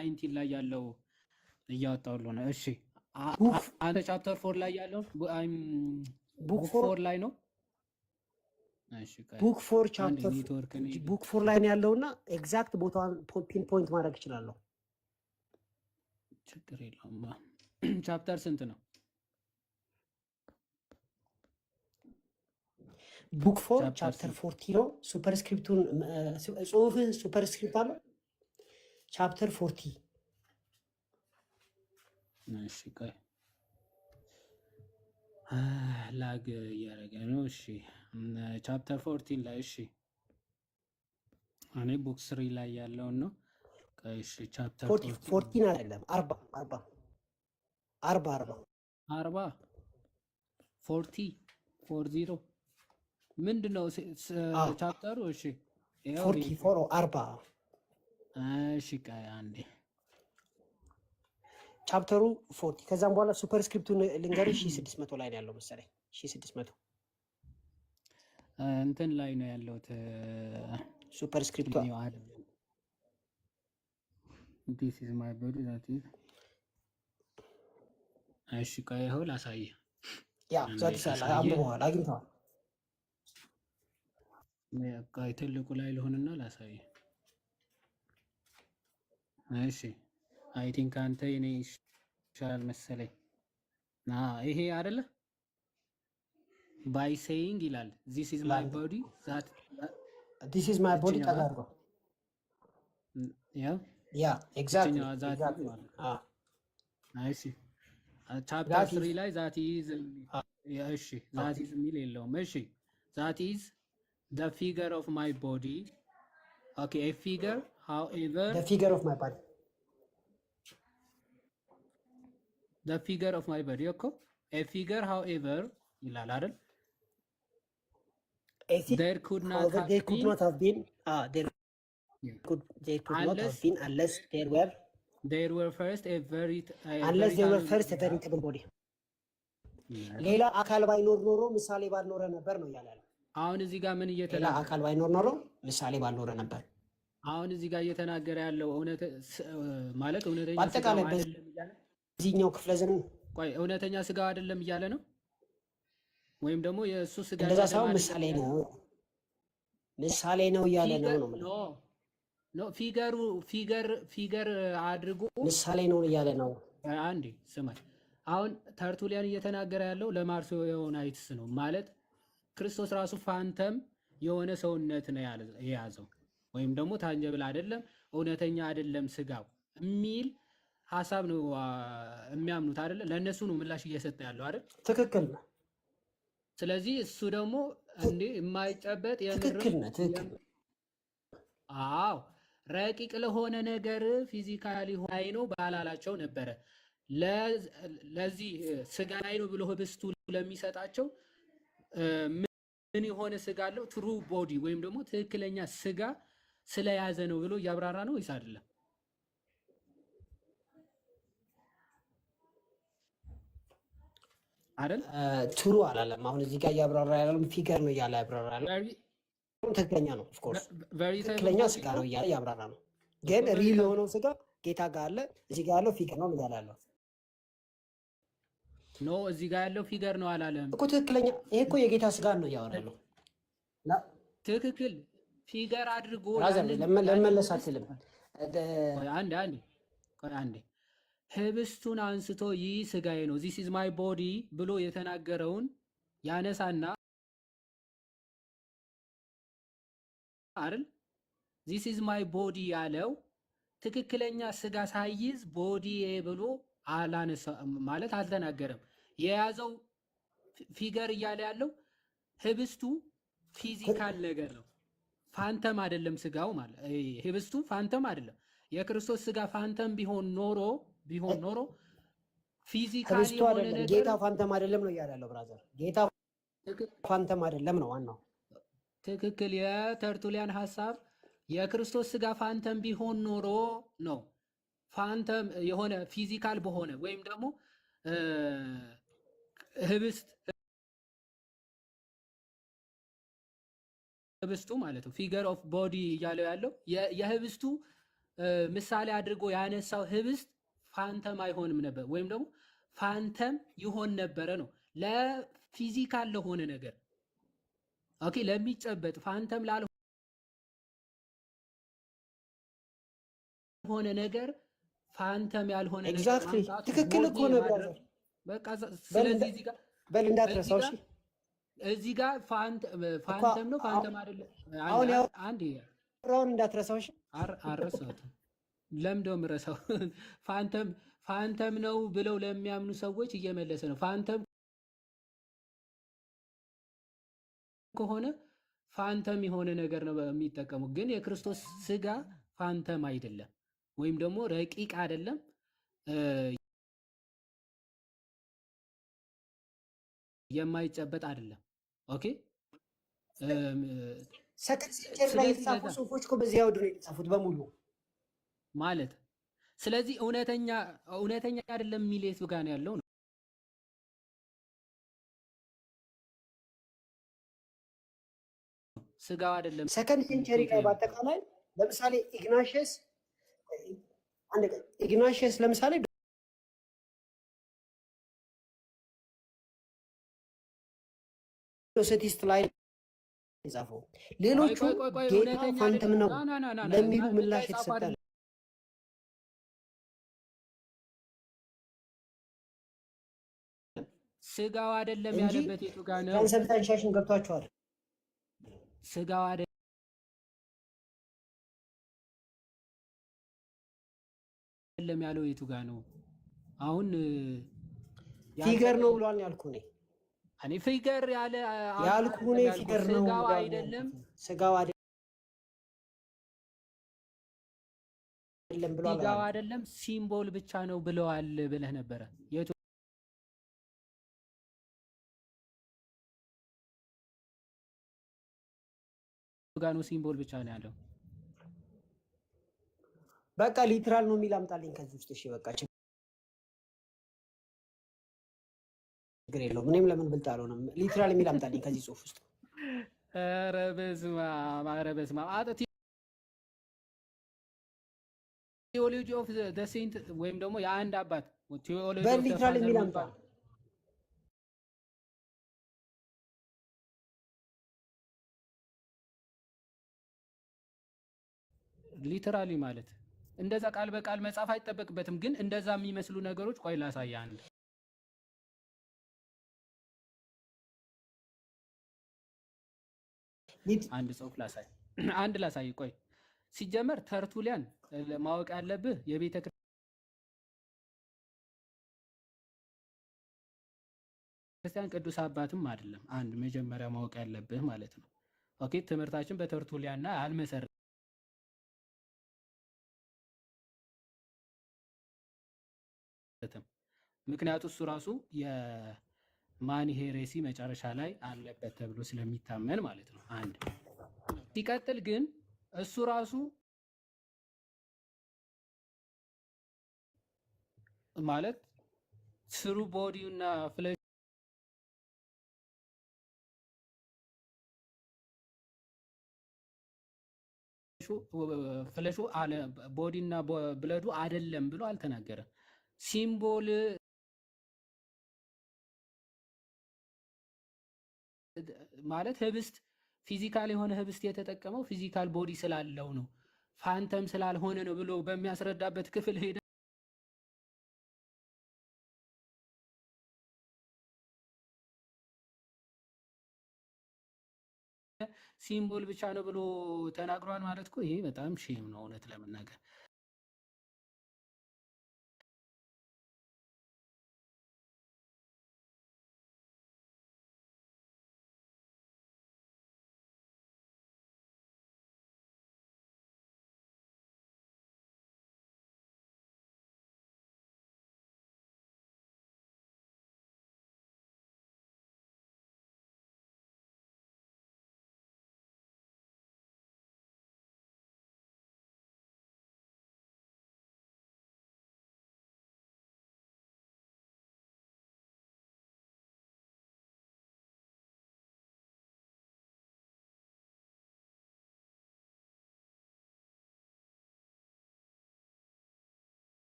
ናይንቲን ላይ ያለው እያወጣሁልህ ነው። እሺ አንተ ቻፕተር ፎር ላይ ያለው ቡክ ፎር ላይ ነው። ቡክ ፎር ቻፕተር ቡክ ፎር ላይ ነው ያለው ያለውና ኤግዛክት ቦታዋን ፒን ፖይንት ማድረግ እችላለሁ። ችግር የለውም። ቻፕተር ስንት ነው? ቡክ ፎር ቻፕተር ፎርቲ ነው። ሱፐርስክሪፕቱን ጽሁፍህ ሱፐርስክሪፕት አለው ቻፕተር ፎርቲ እሺ ቆይ ላግ እያደረገ ነው። እሺ ቻፕተር ፎርቲን ላይ እሺ፣ እኔ ቡክ ስሪ ላይ ያለውን ነው። እሺ ቻፕተር ፎርቲን አይደለም፣ አርባ አርባ አርባ አርባ አርባ ፎርቲ ፎር ዚሮ ምንድን ነው ቻፕተሩ? እሺ ፎርቲ ፎር አርባ እሺ ቆይ አንዴ ቻፕተሩ ፎርቲ ከዛም በኋላ ሱፐርስክሪፕቱን ልንገርሽ ሺህ ስድስት መቶ ላይ ነው ያለው መሰለኝ። ሺህ ስድስት መቶ እንትን ላይ ነው ያለሁት። ሱፐርስክሪፕቱ እሺ ቆይ ይኸው ላሳየህ። ያ አግኝተዋል። ትልቁ ላይ ልሆንና ላሳየህ እሺ አይ ቲንክ አንተ እኔ ይሻላል መሰለኝ። ይሄ አይደለ ባይ ሴይንግ ይላል። ዚስ ኢዝ ማይ ቦዲ ዛት ዚስ ኢዝ ማይ ቦዲ ተጋርጎ ያ ያ ኤግዛክትሊ አይ ሲ ቻፕተር ስሪ ላይ ዛት ኢዝ እሺ፣ ዛት ኢዝ የሚል የለውም። እሺ ዛት ኢዝ ዘ ፊገር ኦፍ ማይ ቦዲ ኦኬ ኤ ፊገር however the figure of my body the figure of my body እኮ a figure however ይላል አይደል there could not however, have they could been, not have been uh, there yeah. could they could unless, not have been unless there were there were first a very a unless there were first a very table body ሌላ አካል ባይኖር ኖሮ ምሳሌ ባልኖረ ነበር ነው ያላለ። አሁን እዚህ ጋር ምን እየተላ አካል ባይኖር ኖሮ ምሳሌ ባልኖረ ነበር አሁን እዚህ ጋር እየተናገረ ያለው እውነት ማለት እውነተኛ አጠቃላይ በዚህኛው ክፍለ ዘመን ቆይ እውነተኛ ስጋ አይደለም እያለ ነው ወይም ደግሞ የእሱ ስጋ እንደዛ ሳይሆን ምሳሌ ነው ምሳሌ ነው እያለ ነው ነው ኖ ፊገሩ ፊገር ፊገር አድርጎ ምሳሌ ነው እያለ ነው። አንዴ ስማኝ፣ አሁን ተርቱሊያን እየተናገረ ያለው ለማርሲዮናይትስ ነው ማለት ክርስቶስ ራሱ ፋንተም የሆነ ሰውነት ነው የያዘው ወይም ደግሞ ታንጀብል አይደለም እውነተኛ አይደለም ስጋው የሚል ሀሳብ ነው የሚያምኑት አይደለ? ለእነሱ ነው ምላሽ እየሰጠ ያለው አይደል? ትክክል ነው። ስለዚህ እሱ ደግሞ እንደ የማይጨበጥ ትክክል ነው። ትክክል አዎ፣ ረቂቅ ለሆነ ነገር ፊዚካሊ ሆይ ነው ባላላቸው ነበረ። ለዚህ ስጋ ላይ ነው ብሎ ህብስቱ ለሚሰጣቸው ምን የሆነ ስጋ አለው? ትሩ ቦዲ ወይም ደግሞ ትክክለኛ ስጋ ስለያዘ ነው ብሎ እያብራራ ነው ወይስ አይደለም? አይደል? ትሩ አላለም። አሁን እዚህ ጋር እያብራራ ያለው ፊገር ነው እያለ ያብራራ ያለው ትክክለኛ ነው። ኦፍኮርስ ትክክለኛ ስጋ ነው እያለ ያብራራ ነው። ግን ሪል የሆነው ስጋ ጌታ ጋር አለ። እዚህ ጋር ያለው ፊገር ነው እያለ ያለው ኖ፣ እዚህ ጋር ያለው ፊገር ነው አላለም እኮ። ትክክለኛ ይሄ እኮ የጌታ ስጋ ነው እያወራ ያለው ትክክል ፊገር አድርጎ ለመለስ አትልም። አንዴ አንዴ አንዴ ህብስቱን አንስቶ ይህ ስጋዬ ነው ዚስ ኢዝ ማይ ቦዲ ብሎ የተናገረውን ያነሳና አይደል ዚስ ኢዝ ማይ ቦዲ ያለው ትክክለኛ ስጋ ሳይዝ ቦዲ ብሎ አላነሳ ማለት አልተናገረም። የያዘው ፊገር እያለ ያለው ህብስቱ ፊዚካል ነገር ነው። ፋንተም አይደለም ስጋው ማለት ህብስቱ ፋንተም አይደለም። የክርስቶስ ስጋ ፋንተም ቢሆን ኖሮ ቢሆን ኖሮ ፊዚካሊ የሆነ ነገር ጌታ ፋንተም አይደለም ነው እያለ ብራዘር። ጌታ ፋንተም አይደለም ነው ዋናው። ትክክል። የተርቱሊያን ሐሳብ የክርስቶስ ስጋ ፋንተም ቢሆን ኖሮ ነው ፋንተም የሆነ ፊዚካል በሆነ ወይም ደግሞ ህብስት ህብስቱ ማለት ነው ፊገር ኦፍ ቦዲ እያለው ያለው የህብስቱ ምሳሌ አድርጎ ያነሳው ህብስት ፋንተም አይሆንም ነበር ወይም ደግሞ ፋንተም ይሆን ነበረ ነው ለፊዚካል ለሆነ ነገር ኦኬ ለሚጨበጥ ፋንተም ላልሆነ ነገር ፋንተም ያልሆነ ነገር ትክክል እኮ ነበር። በቃ ስለዚህ እዚህ ጋር በል እንዳትረሳው እሺ እዚህ ጋር ፋንተም ነው ፋንተም አይደለም። አንድ ራውን እንዳትረሳው እሺ። ለምደውም ረሳው። ፋንተም ፋንተም ነው ብለው ለሚያምኑ ሰዎች እየመለሰ ነው። ፋንተም ከሆነ ፋንተም የሆነ ነገር ነው የሚጠቀሙ። ግን የክርስቶስ ስጋ ፋንተም አይደለም፣ ወይም ደግሞ ረቂቅ አይደለም። የማይጨበጥ አይደለም። ኦኬ ሰከንድ ላይ የተጻፉ ጽሁፎች እኮ በዚህ አውድ ነው የተጻፉት በሙሉ ማለት ስለዚህ እውነተኛ እውነተኛ አይደለም የሚል የቱ ጋር ነው ያለው? ነው ስጋው አይደለም። ሰከንድ ሴንቸሪ ላይ በአጠቃላይ ለምሳሌ ኢግናሽየስ ኢግናሽየስ ለምሳሌ ሴቲስት ላይ የጻፈው ሌሎቹ ጌታ ፋንተም ነው ለሚሉ ምላሽ የተሰጠ ስጋው አይደለም ያለበት የቱ ጋር ነው? ሰብታንሻሽን ገብቷቸዋል። ስጋው አይደለም ያለው የቱ ጋር ነው? አሁን ፊገር ነው ብሏል ያልኩ እኔ እኔ ፊገር ያለ ያልኩህ እኔ ፊገር ነው ስጋው አይደለም ስጋው አይደለም ብለዋል። ስጋው አይደለም ሲምቦል ብቻ ነው ብለዋል ብለህ ነበረ። ጋኖ ሲምቦል ብቻ ነው ያለው። በቃ ሊትራል ነው የሚል አምጣልኝ ከዚህ ውስጥ እሺ በቃ ችግር የለውም። እኔም ለምን ብልጥ አልሆንም። ሊትራል የሚል አምጣልኝ ከዚህ ጽሁፍ ውስጥ። ኧረ በስመ አብ ኧረ በስመ አብ። ቴዎሎጂ ኦፍ ዘ ሴንት ወይም ደግሞ የአንድ አባት ቴዎሎጂ የሚል አምጣ ሊትራሊ ማለት እንደዛ ቃል በቃል መጻፍ አይጠበቅበትም፣ ግን እንደዛ የሚመስሉ ነገሮች ቆይ አንድ አንድ ጽሁፍ ላሳይ፣ አንድ ላሳይ። ቆይ ሲጀመር ተርቱሊያን ማወቅ ያለብህ የቤተ ክርስቲያን ቅዱስ አባትም አይደለም። አንድ መጀመሪያ ማወቅ ያለብህ ማለት ነው። ኦኬ ትምህርታችን በተርቱሊያና አልመሰረ ምክንያቱ እሱ ራሱ ሬሲ መጨረሻ ላይ አለበት ተብሎ ስለሚታመን ማለት ነው። አንድ ሲቀጥል ግን እሱ ራሱ ማለት ስሩ ቦዲው እና ፍለሹ ቦዲ እና ብለዱ አይደለም ብሎ አልተናገረም። ሲምቦል ማለት ህብስት ፊዚካል የሆነ ህብስት የተጠቀመው ፊዚካል ቦዲ ስላለው ነው፣ ፋንተም ስላልሆነ ነው ብሎ በሚያስረዳበት ክፍል ሄደ ሲምቦል ብቻ ነው ብሎ ተናግሯል ማለት እኮ ይሄ በጣም ሼም ነው እውነት ለመናገር።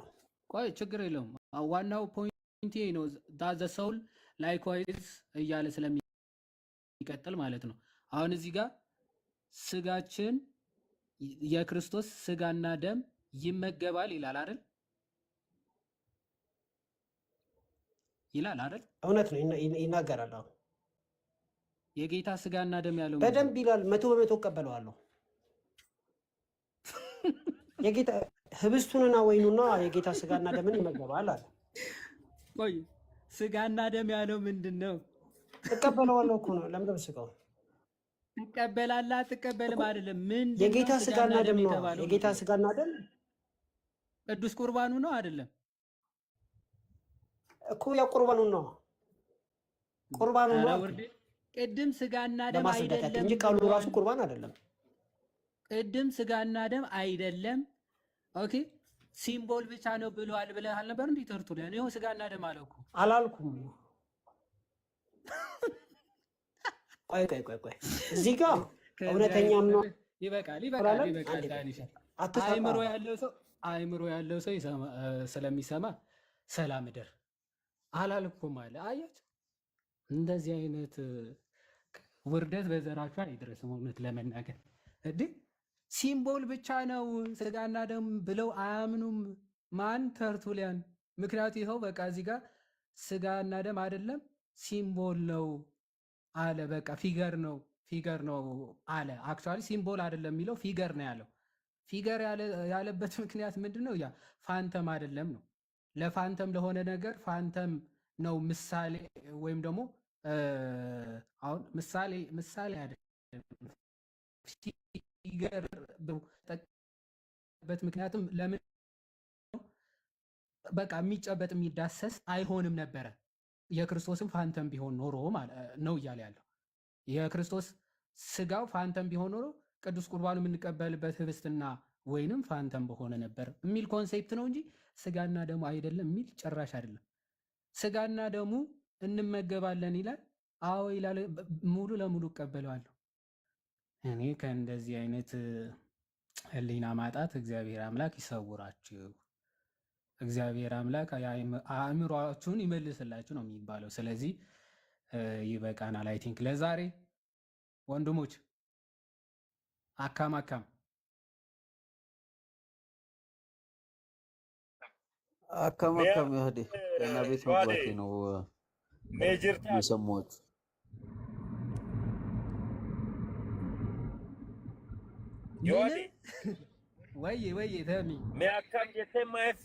ነው። ቆይ ችግር የለውም። ዋናው ይሄ ነው ዳዘ ሰውል ላይክዋይዝ እያለ ስለሚቀጥል ማለት ነው። አሁን እዚህ ጋር ስጋችን የክርስቶስ ስጋና ደም ይመገባል ይላል አይደል? ይላል አይደል? እውነት ነው ይናገራል። አሁን የጌታ ስጋና ደም ያለው በደንብ ይላል። መቶ በመቶ እቀበለዋለሁ የጌታ ህብስቱንና ወይኑና የጌታ ስጋና ደምን ይመገባል አለ። ቆይ ስጋና ደም ያለው ምንድን ነው? እቀበለዋለሁ እኮ ነው። ለምን ስጋው ትቀበላላ? ትቀበልም አይደለም። ምን የጌታ ስጋና ደም ነው? የጌታ ስጋና ደም ቅዱስ ቁርባኑ ነው። አይደለም እኮ ያ ቁርባኑ ነው። ቁርባኑ ነው። ቅድም ስጋና ደም አይደለም እንጂ ቃሉ ራሱ ቁርባን አይደለም። ቅድም ስጋና ደም አይደለም ኦኬ ሲምቦል ብቻ ነው ብለዋል ብለህ አልነበር? እንዲህ ተርቱልያን ይኸው ስጋ እና ደም አለኩ እኮ አላልኩም። ቆይ ቆይ ቆይ ቆይ እዚህ ጋር እውነተኛም ነው። ይበቃል ይበቃል ይበቃል። አይምሮ ያለው ሰው አይምሮ ያለው ሰው ስለሚሰማ ሰላም እደር አላልኩም አለ። አያችሁ እንደዚህ አይነት ውርደት በዘራችሁ አይድረስም። እውነት ለመናገር እድህ ሲምቦል ብቻ ነው ስጋና ደም ብለው አያምኑም። ማን ተርቱሊያን። ምክንያቱ ይኸው በቃ እዚህ ጋር ስጋና ደም አይደለም ሲምቦል ነው አለ። በቃ ፊገር ነው ፊገር ነው አለ። አክቹዋሊ ሲምቦል አይደለም የሚለው ፊገር ነው ያለው። ፊገር ያለበት ምክንያት ምንድን ነው? ያ ፋንተም አይደለም ነው። ለፋንተም ለሆነ ነገር ፋንተም ነው ምሳሌ ወይም ደግሞ አሁን ምሳሌ ምሳሌ አይደለም ይገርብሩ ጠቀበት ምክንያቱም ለምን በቃ የሚጨበጥ የሚዳሰስ አይሆንም ነበረ። የክርስቶስም ፋንተም ቢሆን ኖሮ ነው እያለ ያለው የክርስቶስ ስጋው ፋንተም ቢሆን ኖሮ ቅዱስ ቁርባኑ የምንቀበልበት ህብስትና ወይንም ፋንተም በሆነ ነበር የሚል ኮንሴፕት ነው እንጂ ስጋና ደሙ አይደለም የሚል ጭራሽ አይደለም። ስጋና ደሙ እንመገባለን ይላል። አዎ ይላል። ሙሉ ለሙሉ እቀበለዋለሁ። እኔ ከእንደዚህ አይነት ህሊና ማጣት እግዚአብሔር አምላክ ይሰውራችሁ፣ እግዚአብሔር አምላክ አእምሯችሁን ይመልስላችሁ ነው የሚባለው። ስለዚህ ይበቃናል። አይ ቲንክ ለዛሬ ወንድሞች አካም አካም አካም አካም ያህዴ እና ቤት መግባቴ ነው የሰማሁት። ወይዬ ወይዬ ተሚ ሚያካም የተማፍ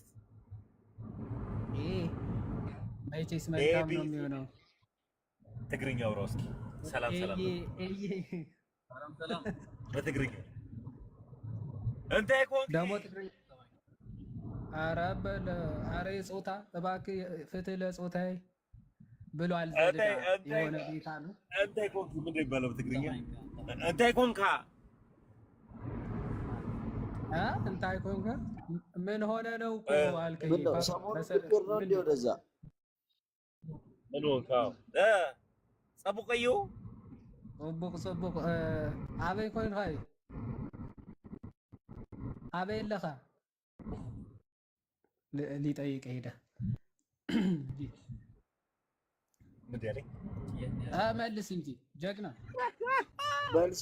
እ መቼስ መልካም ነው የሚሆነው። ትግርኛ አውራ እስኪ። ሰላም ሰላም ሰላም በትግርኛ እንተ ኮን ደሞ ትግርኛ ኧረ በለ ኧረ ጾታ እባክህ ፍትህ ለጾታ ብሏል። ዘለ የሆነ ቤታ ነው እንተ ኮን ምንድን ይባላል በትግርኛ እንተ ኮንካ እንታይ ኮንከ? ምን ሆነ ነው አልከኝ። ወደዛ ምን ሆንክ? ፀቡቅ እዩ ፅቡቅ ፅቡቅ ኣበይ ኮይንካ እዩ? ኣበይ ኣለኻ? ሊጠይቀ ሄደ መልስ እንጂ ጀግና መልሶ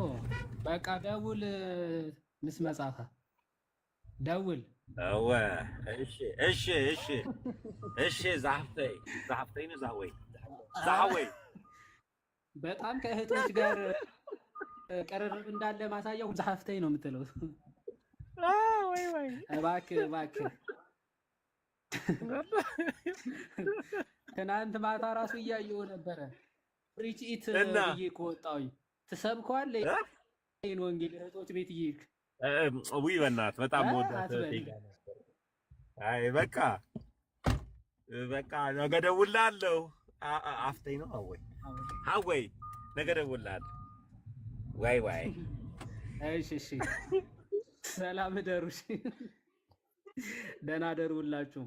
በቃ ደውል። ምስ መጻፈ ደውል። እሺ እሺ እሺ እሺ። ዛፍተይ ዛፍተይ ነው። ዛወይ ዛወይ በጣም ከእህቶች ጋር ቅርርብ እንዳለ ማሳያው ዛፍተይ ነው የምትለው። ወይ ወይ፣ እባክህ እባክህ ትናንት ማታ ራሱ እያየሁ ነበረ። ሪጭኢት ብዬ ከወጣሁኝ ትሰብከዋለህ ይህን ወንጌል እህቶች ቤት እየሄድክ ውይ፣ በእናትህ በጣም ወዳት አይ በቃ በቃ ነገ አፍተኝ ነው አወይ አወይ፣ ነገ እሺ እሺ፣ ሰላም እደሩ። ደህና እደሩ ሁላችሁም።